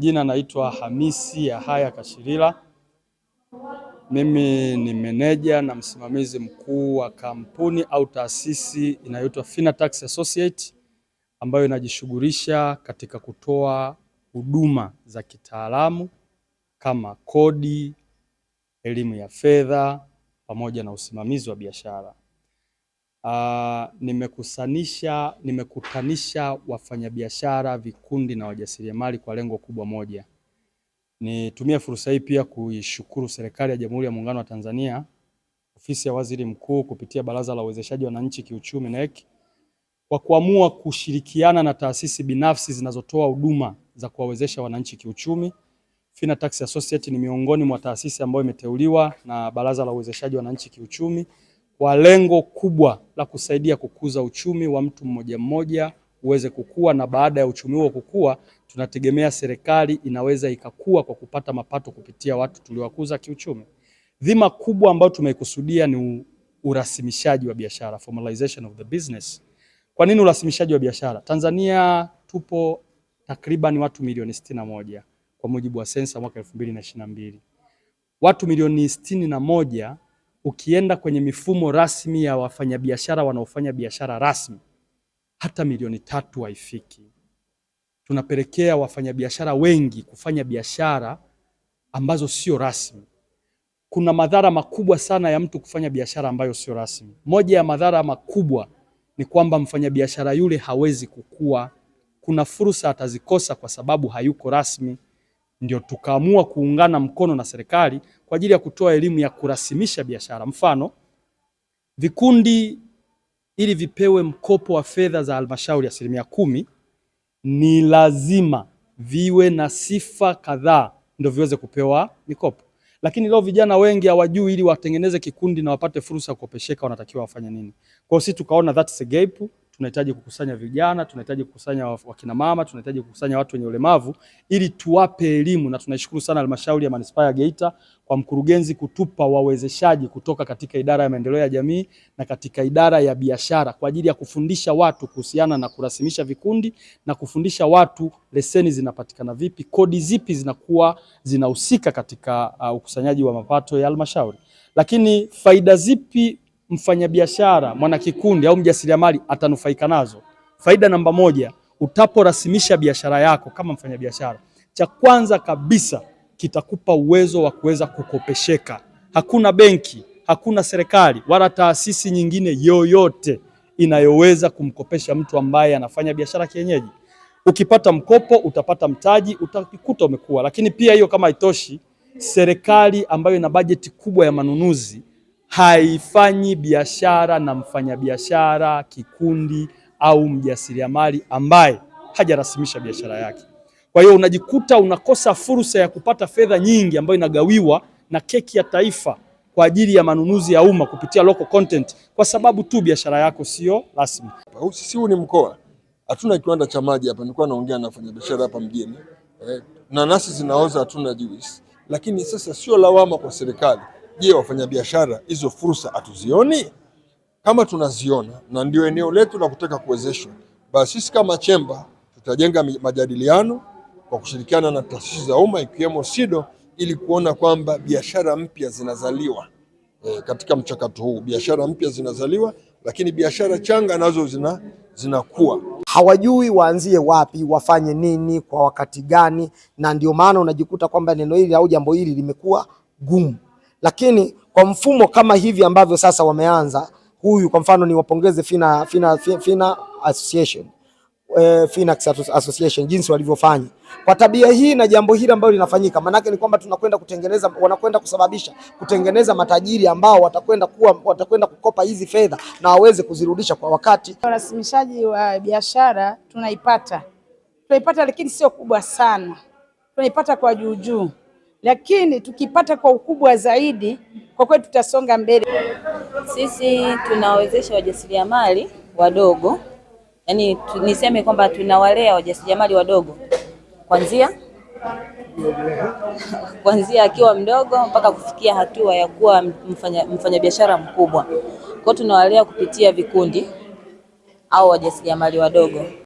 Jina naitwa Hamisi Yahaya kashirila Mimi ni meneja na msimamizi mkuu wa kampuni au taasisi inayoitwa Finatax Associate ambayo inajishughulisha katika kutoa huduma za kitaalamu kama kodi, elimu ya fedha pamoja na usimamizi wa biashara uh, nimekusanisha nimekutanisha wafanyabiashara, vikundi na wajasiriamali kwa lengo kubwa moja. Nitumie fursa hii pia kuishukuru serikali ya Jamhuri ya Muungano wa Tanzania, ofisi ya Waziri Mkuu kupitia Baraza la Uwezeshaji Wananchi Kiuchumi NEC kwa kuamua kushirikiana na taasisi binafsi zinazotoa huduma za kuwawezesha wananchi kiuchumi. Fina Tax Associate ni miongoni mwa taasisi ambayo imeteuliwa na Baraza la Uwezeshaji Wananchi Kiuchumi kwa lengo kubwa la kusaidia kukuza uchumi wa mtu mmoja mmoja uweze kukua, na baada ya uchumi huo kukua, tunategemea serikali inaweza ikakua kwa kupata mapato kupitia watu tuliowakuza kiuchumi. Dhima kubwa ambayo tumeikusudia ni urasimishaji wa biashara, formalization of the business. Kwa nini urasimishaji wa biashara? Tanzania tupo takriban watu milioni sitini na moja kwa mujibu wa sensa mwaka 2022. Watu milioni sitini na moja ukienda kwenye mifumo rasmi ya wafanyabiashara wanaofanya biashara rasmi hata milioni tatu haifiki. Tunapelekea wafanyabiashara wengi kufanya biashara ambazo sio rasmi. Kuna madhara makubwa sana ya mtu kufanya biashara ambayo sio rasmi. Moja ya madhara makubwa ni kwamba mfanyabiashara yule hawezi kukua. Kuna fursa atazikosa kwa sababu hayuko rasmi ndio tukaamua kuungana mkono na serikali kwa ajili ya kutoa elimu ya kurasimisha biashara. Mfano, vikundi ili vipewe mkopo wa fedha za halmashauri asilimia kumi ni lazima viwe na sifa kadhaa ndio viweze kupewa mikopo, lakini leo vijana wengi hawajui, ili watengeneze kikundi na wapate fursa ya kukopesheka wanatakiwa wafanye nini? Kwa hiyo sisi tukaona that's a gap tunahitaji kukusanya vijana, tunahitaji kukusanya wakina mama, tunahitaji kukusanya watu wenye ulemavu ili tuwape elimu, na tunaishukuru sana halmashauri ya manispaa ya Geita kwa mkurugenzi kutupa wawezeshaji kutoka katika idara ya maendeleo ya jamii na katika idara ya biashara kwa ajili ya kufundisha watu kuhusiana na kurasimisha vikundi na kufundisha watu leseni zinapatikana vipi, kodi zipi zinakuwa zinahusika katika uh, ukusanyaji wa mapato ya halmashauri, lakini faida zipi mfanyabiashara, mwanakikundi au mjasiriamali atanufaika nazo? Faida namba moja, utaporasimisha biashara yako kama mfanyabiashara, cha kwanza kabisa kitakupa uwezo wa kuweza kukopesheka. Hakuna benki, hakuna serikali wala taasisi nyingine yoyote inayoweza kumkopesha mtu ambaye anafanya biashara kienyeji. Ukipata mkopo utapata mtaji, utakuta umekuwa. Lakini pia hiyo kama haitoshi, serikali ambayo ina bajeti kubwa ya manunuzi haifanyi biashara na mfanyabiashara, kikundi au mjasiriamali ambaye hajarasimisha biashara yake. Kwa hiyo unajikuta unakosa fursa ya kupata fedha nyingi ambayo inagawiwa na keki ya taifa kwa ajili ya manunuzi ya umma kupitia local content kwa sababu tu biashara yako sio rasmi. Sisi huu ni mkoa, hatuna kiwanda cha maji hapa. Nilikuwa naongea na wafanyabiashara hapa mjini eh, nanasi zinaoza, hatuna juice. Lakini sasa sio lawama kwa serikali. Je, wafanyabiashara hizo fursa hatuzioni? Kama tunaziona na ndio eneo letu la kutaka kuwezeshwa, basi sisi kama chemba tutajenga majadiliano kwa kushirikiana na taasisi za umma ikiwemo SIDO ili kuona kwamba biashara mpya zinazaliwa. E, katika mchakato huu biashara mpya zinazaliwa, lakini biashara changa nazo zina zinakuwa. Hawajui waanzie wapi, wafanye nini, kwa wakati gani, na ndio maana unajikuta kwamba neno hili au jambo hili limekuwa gumu. Lakini kwa mfumo kama hivi ambavyo sasa wameanza huyu, kwa mfano ni wapongeze Fina, Fina, Fina, Fina Association eh, Finax Association jinsi walivyofanya kwa tabia hii na jambo hili ambalo linafanyika, maanake ni kwamba tunakwenda kutengeneza, wanakwenda kusababisha kutengeneza matajiri ambao watakwenda kuwa watakwenda kukopa hizi fedha na waweze kuzirudisha kwa wakati. Urasimishaji wa biashara tunaipata tunaipata, lakini sio kubwa sana, tunaipata kwa juujuu lakini tukipata kwa ukubwa zaidi, kwa kweli tutasonga mbele. Sisi tunawawezesha wajasiriamali wadogo, yaani niseme kwamba tunawalea wajasiriamali wadogo kwanzia kuanzia akiwa mdogo mpaka kufikia hatua ya kuwa mfanya mfanyabiashara mkubwa. Kwa hiyo tunawalea kupitia vikundi au wajasiriamali wadogo.